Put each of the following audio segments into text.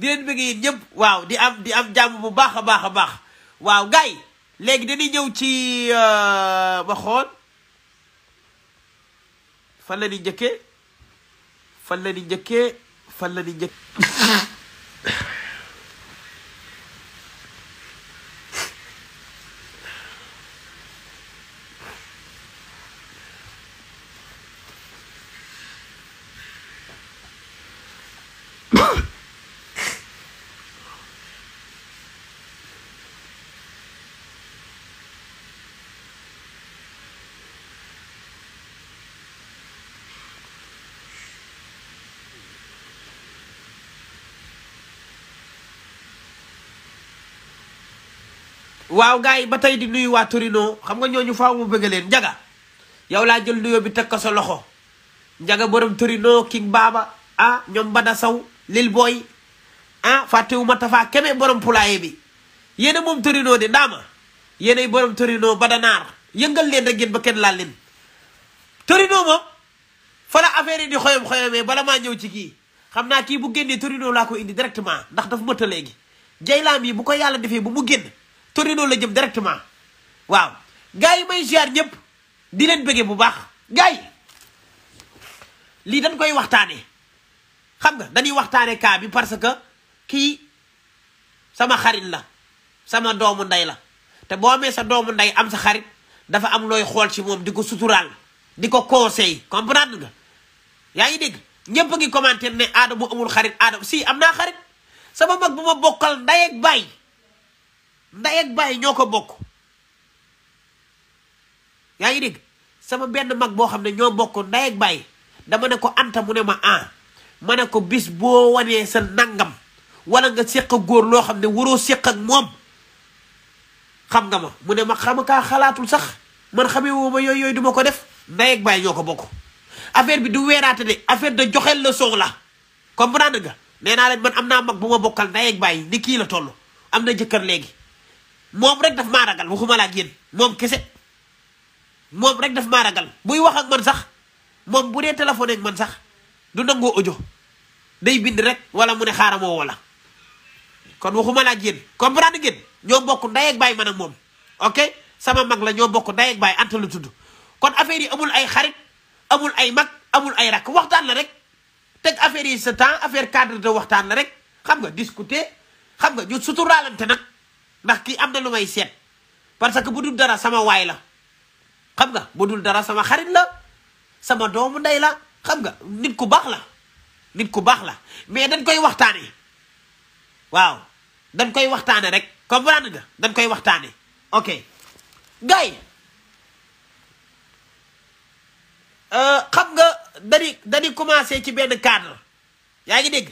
di leen bëgg yéen ñëpp waaw di am di am jàmm bu baax a baax a baax waaw gars yi léegi dañuy ñëw ci euh, ma xool fan la di njëkkee fan la di njëkkee fan la di njëkkee waaw gaa yi ba tey di nuyu waa Torino xam nga ñooñu faaw mu bëgg leen njaga yow laa jël nuyoo bi teg ko sa loxo njaga borom tërinoo King Baba ah ñoom Bada saw Lil Boy ah fàttewu ma tafaa keme borom poulailler bi yéena moom Torino de daama yéenay borom Torino Bada Naar yëngal leen rek ba kenn laa leen Torino moom fa la affaire yi di xoyom xoyomee bala maa ñëw ci kii xam naa kii bu génnee Torino laa ko indi directement ndax daf ma ta léegi jaylaam yi bu ko yàlla defee bu mu génn Torino la jëm directement waaw gars yi may ziar ñëpp di leen bëggee bu baax gars yi lii dañ koy waxtaanee xam nga dañuy waxtaanee kaa bi parce que kii sama xarit la sama doomu ndey la te boo amee sa doomu ndey am sa xarit dafa am looy xool ci moom di ko suturaal di ko conseil comprendre nga yaa ngi dégg ñëpp a ngi commenter ne aada mu amul xarit aada si am naa xarit sama mag bu ma bokkal ndey ak baay ndey ak bàyyi ñoo ko bokk yaa ngi dégg sama benn mag boo xam ne ñoo bokk ndey ak bàyyi dama ne ko anta mu ne ma ah ma ne ko bis boo wanee sa nangam wala nga séq a góor loo xam ne waroo séq moom xam nga ma mu ne ma xam kaa xalaatul sax man xamee woo ma yooyu yooyu du ko def ndey ak bàyyi ñoo ko bokk affaire bi du weeraate de affaire de joxel la soow la comprendre nga nee naa leen man am naa mag bu ma bokkal ndey bàyyi ni kii la toll am na jëkkër léegi moom rek daf ma ragal waxuma la ak yéen moom kese moom rek daf ma ragal buy wax ak man sax moom bu dee téléphone ak man sax du nangoo audio day bind rek wala mu ne xaaral ma woo la kon waxuma la ak yéen comprendre ngeen ñoo bokk ndey ak baay man moom ok sama mag la ñoo bokk ndey ak baay anta tudd kon affaire yi amul ay xarit amul ay mag amul ay rakk waxtaan la rek teg affaire yi sa temps affaire cadre de waxtaan la rek xam nga discuter xam nga ñu suturaalante nag. ndax ki am na lu may seet parce que budul dara sama way la xam nga budul dara sama xarit la sama doomu nday la xam nga nit ku bax la nit ku bax la mais dañ koy waxtaane waaw dañ koy waxtaane rek comprendre nga dañ koy waxtaane ok gars euh, xam nga dañuy dañuy commencé ci benn cadre yaa ngi dégg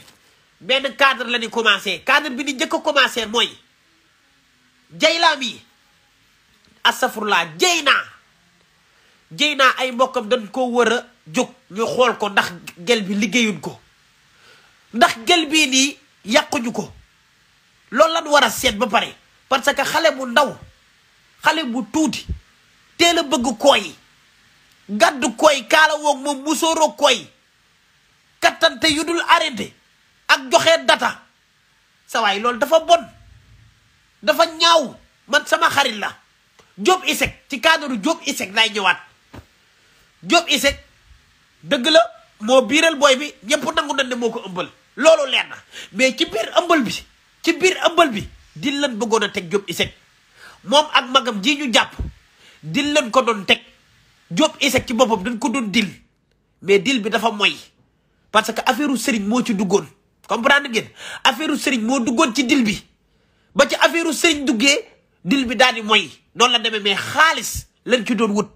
benn cadre la ñu commencé cadre bi ni njëkk a commencé mooy jaylaa mi asafurlaa jay naa jay naa ay mbokkam dañ ko war a jóg ñu xool ko ndax gel bi liggéeyuñ ko ndax gel bi nii yàquñu ko loolu lan war a seet ba pare parce que xale bu ndaw xale bu tuuti teel a bëgg kooyi gàddu kooy kaala woog moom musóoroo kooy kattante yu dul arrêté ak joxe data sa waay loolu dafa bon dafa ñaaw man sama xarit la Diop Iseg ci cadre Diop Iseg lay ñëwaat Diop Iseg dëgg la moo biiral booy bi ñëpp nangu nañ ne moo ko ëmbal loolu leer na mais ci biir ëmbal bi ci biir ëmbal bi di lan bëggoon a teg Diop Iseg moom ak magam ji jàpp di lan ko doon teg Diop Iseg ci boppam dañ ko doon dil mais dil bi dafa moy parce que affaire u sëriñ moo ci duggoon comprendre ngeen affaire u sëriñ moo duggoon ci dil bi ba ci affaire sëriñ duggee dil bi daal di mooy noonu la demee mais xaalis lañ ci doon wut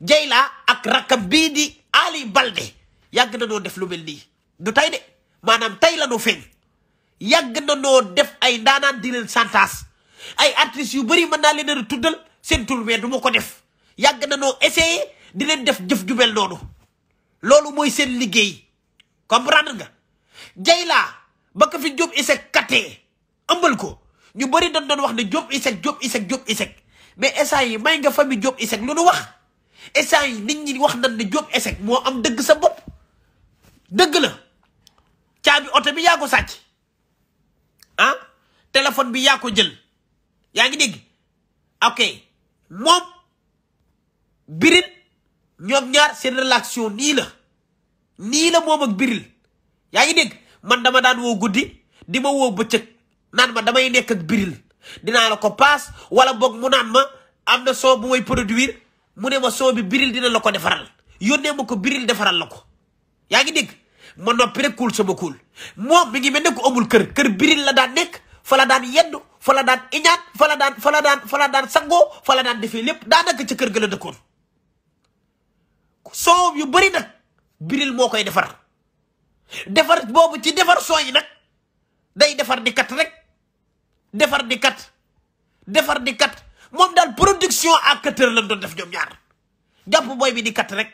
Jayla ak rakkam bii di Ali Balde yàgg na noo def lu mel nii du tey de maanaam tey la noo feeñ yàgg na noo def ay ndaanaan di santaas ay artistes yu bëri ma naa leen a tuddal seen tur du ma ko def yàgg na noo essayé di def jëf ju mel noonu loolu mooy seen liggéey comprendre nga Jayla ba ko fi Diop Iseg kattee ëmbal ko ñu bari doon doon wax ne Diop Iseg Diop Iseg Diop Iseg mais instant yi may nga famille Diop Iseg lu nu wax instant yi nit ñi wax nan ne Diop essek moo am dëgg sa bopp dëgg la caabi oto bi yaa ko sàcc ah? téléphone bi yaa jël yaa ngi dégg ok moom Biril ñoom ñaar seen relation nii la nii la moom ak Biril yaa ngi dégg man dama daan woo guddi di ma woo bëccëg naan ma damay nekk ak biril dinaa la ko paas wala boog mu naan ma am na soo bu may produire mu ne ma soo bi biril dina la ko defaral yónnee ma ko biril defaral la ko yaa ngi dégg ma noppi rek kuul sama kuul moom mi ngi mel ne ku amul kër kër biril la daan nekk fa la daan yeddu fa la daan iñaat fa la daan daan fa daan sangoo fa la daan defee lépp daanaka ca kër ga la dëkkoon soow yu bari nag biril moo koy defar defar boobu ci defar sooy nag day defar di kat rek defar di kat defar di kat moom daal production à quatre heures lañ doon def jom ñaar jàpp booy bi di kat rek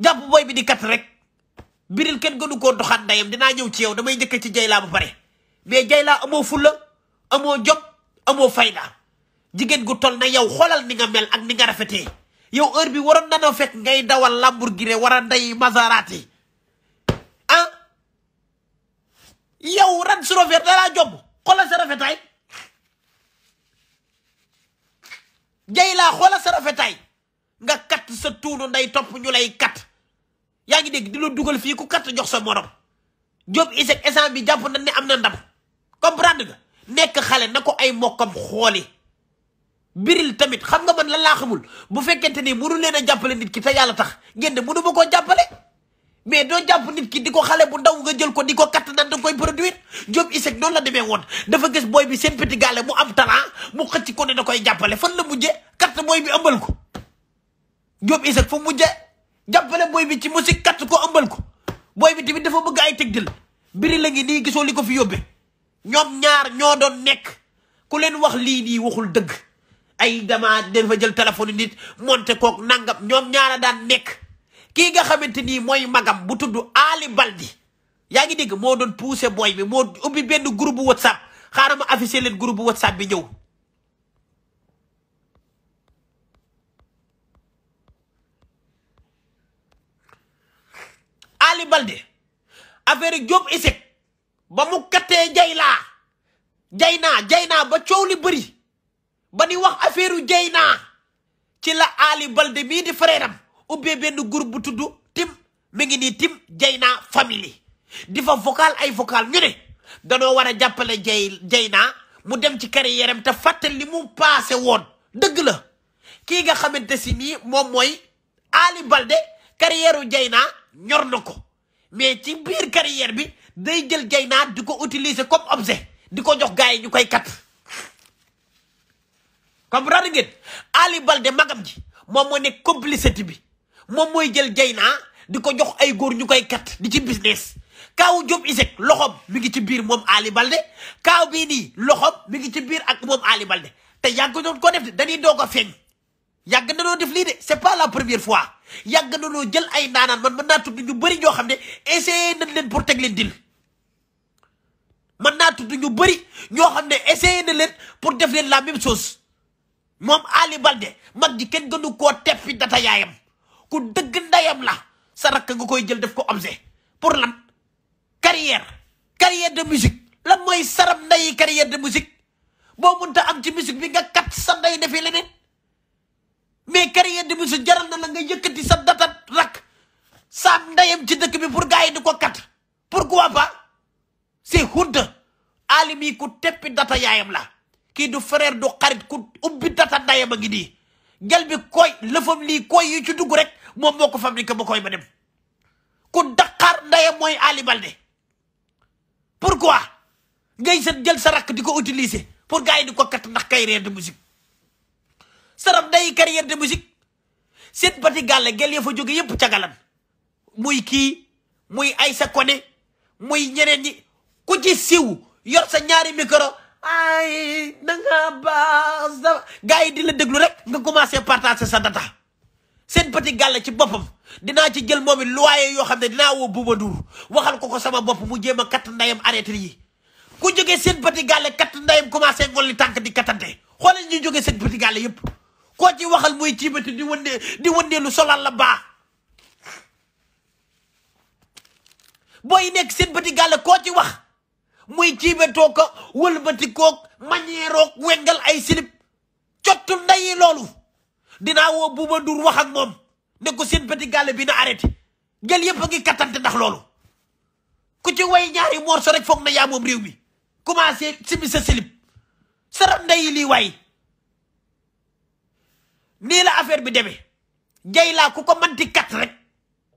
jàpp booy bi di kat rek biril kenn gënu koo doxaat ndayam dinaa ñëw ci yow damay njëkk ci jaylaa ba pare mais jaylaa amoo fulla amoo jom amoo fayda jigéen gu tol na yow xoolal ni nga mel ak ni nga rafetee yow heure bi waroon nanoo fekk ngay dawal gi war a nday Maserati yow Range Rover dalaa job xoolal sa rafetaay jay laa xoolal sa nga kat sa tuunu nday topp ñu lay kat yaa ngi dégg di la dugal fii ko kat jox sa moroom job isek essence bi jàpp na ne am na ndam comprendre nga nekk xale na ko ay mokkam xooli biril tamit xam nga man lan laa xamul bu fekkente ni mënu leen a jàppale nit ki te yàlla tax ngeen ne mënu ma koo jàppale mais doo jàpp nit ki di ko xale bu ndaw nga jël ko di ko katt nan da koy produire Diop ISEC noonu la demee woon dafa gis booy bi seen petit gaale mu am talent mu xëcc ko ne da koy jàppale fan la mujje katt booy bi ëmbal ko Diop ISEC foo mujje jàppale booy bi ci musique katt ko ëmbal ko booy bi tamit dafa bëgg ay tegtal biri la ngi nii gisoo li ko fi yóbbe ñoom ñaar ñoo doon nekk ku leen wax lii nii waxul dëgg ay dama dafa jël téléphone nit monte kook nangam ñoom ñaara daan nekk kii nga xamante nii mooy magam bu tudd Ali Baldi yaa ngi dégg moo doon poussé booy bi moo ubbi benn groupe WhatsApp xaaral ma affiché leen groupe WhatsApp bi ñëw Ali Balde affaire Diop Iseg ba mu kattee Jaynaa Jaynaa Jaynaa ba coow li bëri ba ni wax affaire Jaynaa ci la Ali Balde mii di frère ubbee benn groupe bu tudd tim mi ngi nii tim Dieyna family di fa vocal ay vocal ñu ne danoo war a jàppale Diey Dieyna mu dem ci carrière am te fàttali li mu passé woon dëgg la kii nga xamante si nii moom mooy Ali Balde carrière u Dieyna ñor na ko mais ci biir carrière bi day jël Dieyna di ko utiliser comme objet di ko jox gars yi ñu koy kat comprendre ngeen Ali Balde magam ji moom moo nekk complicité bi moom mooy jël jay naa di ko jox ay góor ñu koy kat di ci business kaawu Diop Iseg loxoom mi ngi ci biir moom Ali Balde kaaw bii nii loxoom mi ngi ci biir ak moom Ali te yàgg doon ko dañuy doog a feeñ yàgg na noo def lii de c'est pas la première fois yàgg na noo jël ay naanaan man mën naa tudd ñu bëri ñoo xam ne essayé nañ leen pour teg leen dil mën naa tudd ñu bëri ñoo xam ne essayé na leen pour def leen la même chose moom Ali Balde mag ji kenn gënu koo teppi data yaayam. ku dëgg ndayam la sa rakk nga koy jël def ko objet pour lan carrière carrière de musique lan mooy sarab ndayi carrière de musique boo mënta am ci musique bi nga kat sa nday defee leneen mais carrière de musique jaral na la nga yëkkati sa data rakk saam ndayam ci dëkk bi pour gars yi di ko kat pourquoi pas c'est honte aalimi ku teppi data yaayam la kii du frère du xarit ku ubbi data ndayam a ngi nii gel bi koy lëfam lii koy yi ci dugg rek moom moo ko fabriqué ba koy ba dem ku daqaar ndayam mooy Ali Balde pourquoi ngay sa jël sa rakk di ko utiliser pour gars yi di ko kat ndax carrière de musique saram day carrière de musique seen bati gàlle gel ya fa jóge yëpp cagalan muy kii muy ay sa kone muy ñeneen ñi ku ci siw yor sa ñaari micro ay dangaa baax sa gars yi di la déglu rek nga commencé partager sa data seen petit gàll ci boppam dinaa ci jël moom it loyer yoo xam ne dinaa woo Bouba Ndour waxal ko ko sama bopp mu jéem a katt ndayam arrêté yi ku jógee seen petit gàlle katt ndayam commencé li tànk di kattante xoolal ñu jóge seen petit gàlle yëpp koo ci waxal muy ciibati di wëndee di wëndeelu solal la baax booy nekk seen petit gàlle koo ci wax muy jiibetoo ko wëlbatikoog mañeeroog wengal ay silib cottu ndayi loolu dina wo buba dur wax ak mom ne ko sen petit galle bi na arrêté gel yepp gi katante ndax loolu ku ci way ñaari morso rek na ya mom rew mi commencé simi sa silib saram ndayi li way ni la affaire bi debé jey la ku manti kat rek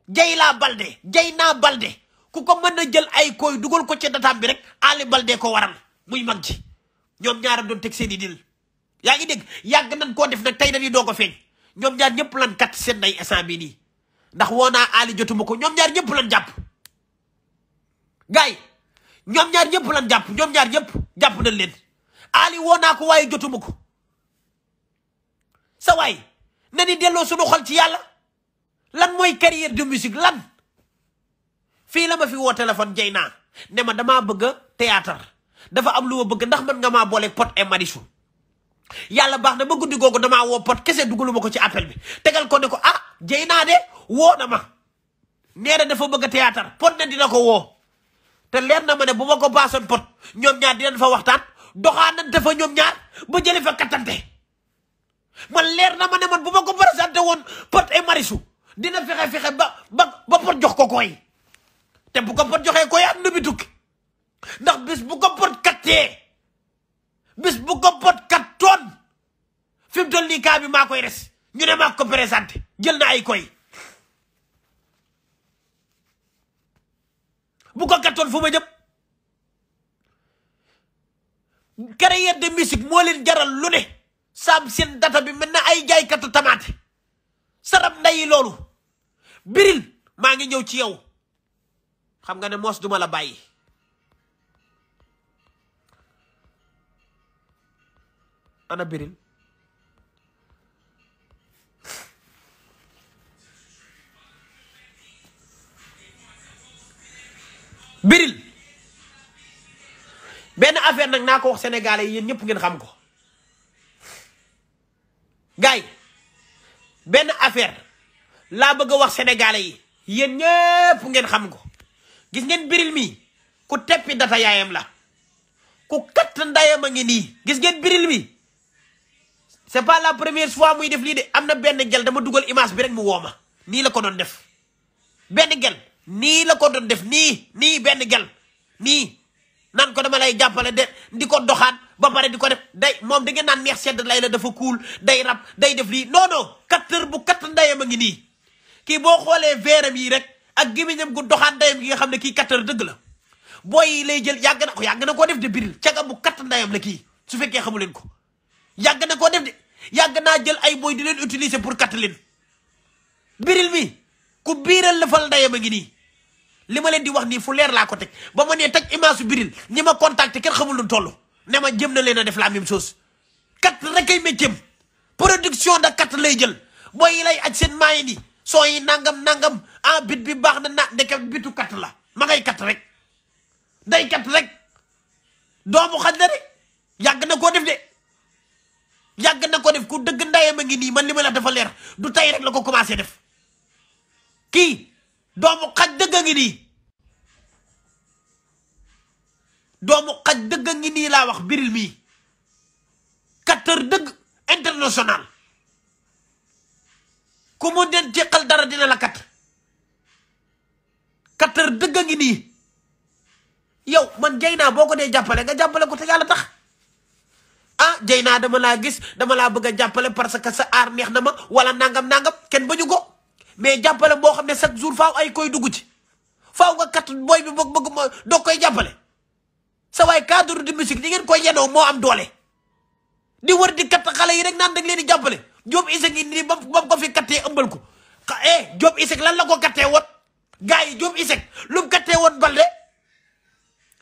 jey la balde jey na balde ku ko mën na jël ay koy dugal ko ci dataam bi rek Ali Baldé ko waral muy mag ji ñoom ñaar doon teg seen i dil yaa ngi dégg yàgg nañ koo def nag tey dañuy doog ko feeñ ñoom ñaar ñëpp lan kat seen nay instant bii nii ndax woo naa Ali jotuma ko ñoom ñaar ñëpp lan jàpp gars yi ñoom ñaar ñëpp lan jàpp ñoom ñaar ñëpp jàpp nañ leen Ali woo naa ko waaye jotuma ko sa waay na ni delloo suñu xol ci yàlla lan mooy carrière de musique lan fi la ma fi wo téléphone jeyna ne ma dama bëgg théâtre dafa am lu ma bëgg ndax man nga ma bolé pot et Marichou yalla baax na ba guddi googu dama wo pot kessé dugaluma ko ci appel bi tegal ko ne ko ah jeyna dé de woo na ma nee dafa bëgg théâtre pot ne dina ko wo té leer na ma ne buma ko baasoon pot ñom ñaar len fa waxtaan doxaanante dafa ñom ñaar ba jëlé fa katanté man lér na ma ne man buma ko présenté won pot et Marichou dina fexé fexé ba ba pot jox ko koy te bu pot joxee koy am bi tukki ndax bis bu ko pot kattee bis bu ko pot kattoon fi mu toll nii kaa bi maa koy res ñu ne maa ko présenté jël na ay koy bu ko kattoon fu ma jëm carrière de musique moo leen jaral lu ne saam seen data bi mel na ay jaaykatu tamaate sarab ndayi loolu biril maa ngi ñëw ci yow xam nga ne moos duma la bàyyi ana biril biril benn affaire nag naa ko wax sénégalais yéen ñëpp ngeen xam ko gars benn affaire laa bëgg a wax sénégalais yi yéen ñëpp ngeen xam ko gis ngeen biril mi ku teppi data yaayam la ku katt ndayam a ngi nii gis ngeen biril mi c'est pas la première fois muy def lii de am na benn gel dama dugal image bi rek mu wooma nii la ko doon def benn gel nii la ko doon def nii nii benn gel nii nan ko dama lay jàppale de di ko doxaan ba pare di ko def day moom da ngeen naan neex sedd lay la dafa kuul day rab day def lii non non kattar bu katt ndayam a ngi nii kii boo xoolee veeram yi rek ak gémmiñam gu doxaat ndayam gi nga xam ne kii kattan dëgg la booy lay jël yàgg na ko yàgg na koo def de biril caga bu kattan ndayam la kii su fekkee xamu leen ko yàgg na koo def de yàgg naa jël ay booy di leen utiliser pour katt leen biril mi ku biiral la fal ndayam a ngi nii li ma leen di wax nii fu leer laa ko teg ba ma nee taj image su biril ñi ma contacté kenn xamul lu toll ne ma jëm na leen a def la même chose kat rek ay métier production de kat lay jël booy yi lay aj seen maayi ni soo yi nangam nangam ah bit bi bax na na ndeke bitu kat la ma ngay kat rek day kat rek do mu la de yag na ko def de yag na ko def ku deug ndayam ma ngi ni man li la dafa leer du tay rek la ko commencé def do mu xaj deug ngi ni do mu xaj deug ngi ni la wax biril mii katteur deug international ku mo den jekal dara dina la kat quatre heures dëgg a ngi yow man jeyna boko ko tegalatah? nga ko te yalla tax ah jeyna dama la gis dama la bëgg a parce que sa ar neex na ma wala nangam nangam ken bañu go mais jàppale bo xam chaque jour faaw ay koy dugg ci faaw nga kat boy bi bëgg bëgg do koy sa way cadre de musique di ngeen koy yenoo mo am doole di wër di kat xalé yi rek nan dag leen di jàppale Job isek ni bam ko fi katé ëmbal ko eh job isek lan la ko katé gars yi jóob Iseg lu mu kattee woon Balde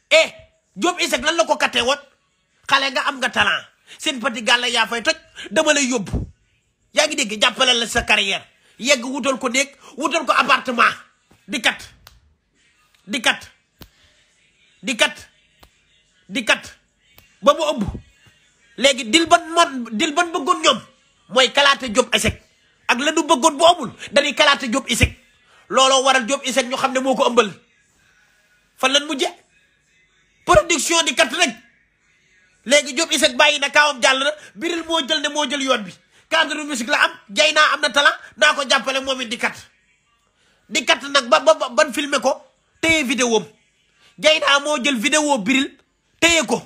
eh Diop Iseg lan la ko kate woon xale nga am nga talent seen petit gàlla yaa fay toj dama lay yóbbu yaa ngi dégg jàppale la sa carrière yegg wutal ko néeg wutal ko appartement di kat di kat di kat di kat ba mu ëmb léegi dil ban man dil ban bëggoon ñoom mooy kalaate Diop Iseg ak la nu bëggoon bu amul dañuy kalaate Diop Iseg looloo waral Diop ISEC ñu xam ne moo ko ëmbal fan lan mujje production di kat rek léegi Diop ISEC bàyyi na kaawam jàll na biril moo jël ne moo jël yoon bi cadre musique la am jay naa am na talent naa ko jàppale moom it di kat di kat nag ba ba ban filmer ko téye vidéo am jay naa moo jël vidéo biril téye ko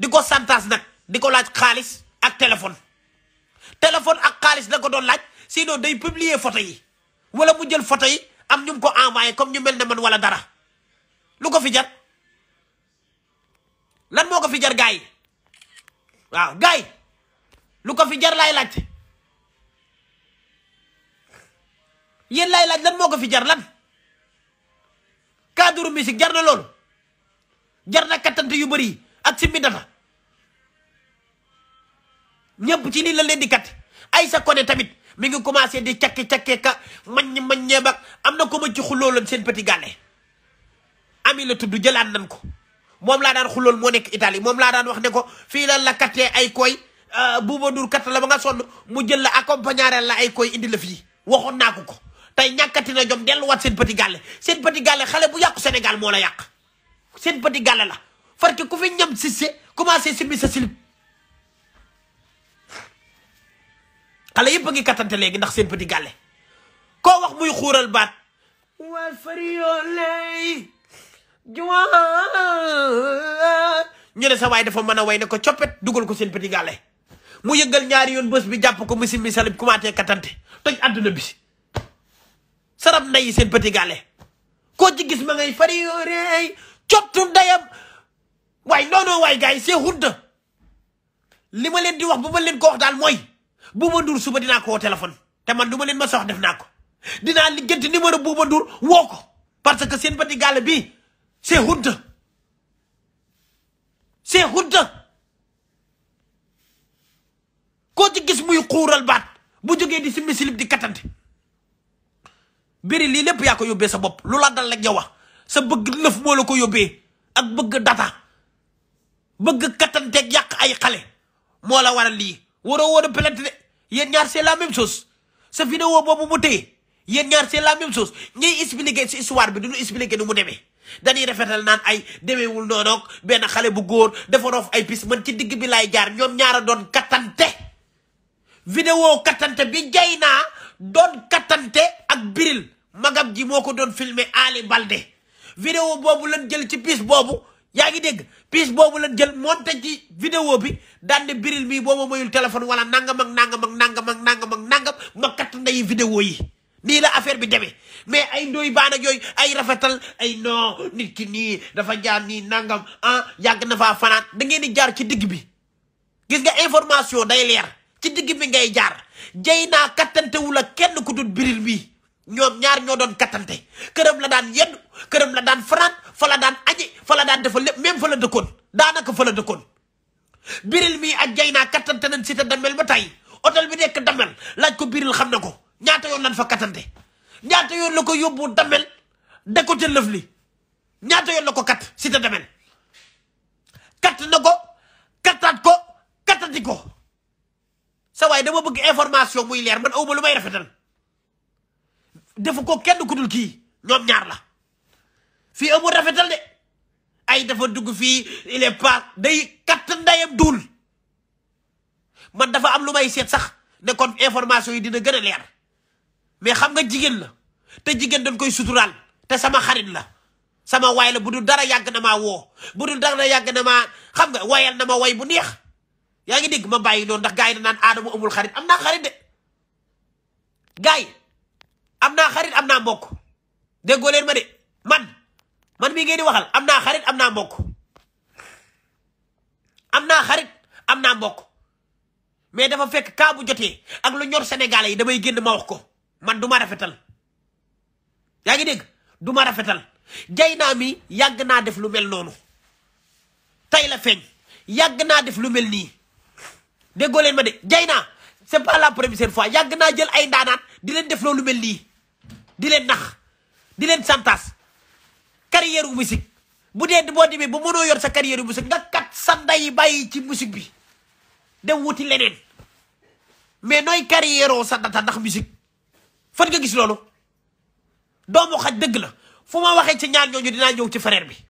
di ko santaas nag di ko laaj xaalis ak téléphone téléphone ak xaalis la ko doon laaj sinon day publier photo yi wala mu jël photo yi am ñu ko envoyé comme ñu mel na man wala dara lu ko fi jar lan moo ko fi jar gaay yi waaw gaay lu ko fi jar laay laaj yéen laay laaj lan moo ko fi jar lan cadre musique jar na loolu jar na kattante yu bëri yi ak simmi data ñëpp ci lii la leen di kat ay sa kone tamit mi ngi commencé di cakki-cakkee ka maññ maññee bak am na ko ma ci xullooloon seen petit gàlle ami la tudd jëlaat nan ko moom laa daan xulool moo nekk Italie moom laa daan wax ne ko fii la la kattee ay koy euh, buuba dur katt la ba nga sonn mu jël la accompagner la ay koy indi la fii waxoon naa ko ko tey ñàkkati na jom delluwaat seen petit gàlle seen petit gàlle xale bu yàqu senegal moo la yàq seen petit gàlle la farke ku fi ñam sisse commencé simmi sa silib xalé yépp ngi katante légui ndax seen petit galé ko wax muy xural baat wa fariyolay juwaan ñu né sa way dafa mëna way né ko ciopet duggal ko seen petit galé mu yëggal ñaari yoon bëss bi japp ko musim bi salib kumaatee katante toj aduna bi saram nday seen petit galé ko ci gis ma ngay fariyolay cottu dayam way nono way gay c'est hunde lima len di wax buma len ko wax dal moy Bouba Ndour suba dinaa ko woo téléphone te man duma ma leen ma sox def naa ko dina dinaa liggéenti numéro Bouba Ndour woo ko parce que seen ba di gaala bii c'est honte c'est honte koo ci gis muy xuural baat bu jógee di si misilib di kattante biri lii lépp yaa ko yóbbee sa bopp lu la dal rek sa bëgg lëf moo ko yóbbee ak bëgg data bëgg kattanteeg yàq ay xale moo la waral lii waroo woon a plainte de yéen ñaar c'est la même chose sa vidéo boobu mu téye yéen ñaar c'est la même chose ñuy expliquer si histoire bi du ñu expliquer nu mu deme dañuy rafetal naan ay demeewul noonu ak benn xale bu góor dafa ay pis man ci digg bi laay jaar ñoom ñaara a doon kattante vidéo kattante bi jay naa doon kattante ak biril magam ji moo ko doon filmer Ali Balde vidéo boobu lan jël ci pis boobu yaa ngi dégg pièce boobu lañ jël monté ci vidéo bi daan biril mii booba moyul téléphone wala nangam ak nangam ak nangam ak nangam ak nangam ma katt ndeyi vidéo yi nii la affaire bi demee mais ay ndoy baana ak ay rafetal ay non nit ki nii dafa jaar nii nangam ah yàgg na faa fanaan da ngeen di jaar ci digg bi gis ga information day leer ci digg bi ngay jaar jay naa kattantewul ak kenn ku dul biril mii ñoom ñaar ñoo doon kattante këram la daan yendu këram la daan fanaan fa la daan aje fa la daan defal lépp même fa la dëkkoon daanaka fa la dëkkoon biril mi ak jay naa kattante nañ si te ba tey hôtel bi nekk damel laaj ko biril xam na ko ñaata yoon lan fa kattante ñaata yoon la ko yóbbu damel da ko ca lëf li ñaata yoon la ko kat si te damel katt na ko kattaat ko kattati ko sa dama bëgg information muy leer man awma lu may rafetal defu ko kenn ku dul kii ñoom ñaar la fii amul rafetal de ay dafa dugg fii il est day katt ndayam duul man dafa am lu may seet sax ne kon information yi dina gën a leer mais xam nga jigéen la te jigéen dañ koy suturaal te sama xarit la sama waay la bu dul dara yàgg na ma woo bu dul dara yàgg na ma xam nga wayal na ma way bu neex yaa ngi dégg ma bàyyi loolu ndax gars yi naan aadama amul xarit am naa xarit de gars yi am naa xarit am naa mbokk déggoo ma de man man mi ngeen di waxal am naa xarit am naa mbokk am naa xarit am naa mbokk mais dafa fekk kaa jote jotee ak lu ñor Sénégalais yi damay génn ma wax ko man du ma rafetal yaa ngi dégg du ma rafetal jay naa mi yàgg naa def lu mel noonu tey la feeñ yàgg naa def lu mel nii déggoo ma de jay naa c'est pas la première fois yàgg naa jël ay ndaanaan di leen def lu mel nii di leen nax di leen santas carrière u musique bu dee boo demee ba mënoo yor sa carrière u musique nga kat sa ndey bàyyi ci musique bi dem wuti leneen mais nooy carrière oo sa data ndax musique fan nga gis loolu doomu xa dëgg la fu ma waxee ci ñaar ñooñu dinaa ñëw ci frère bi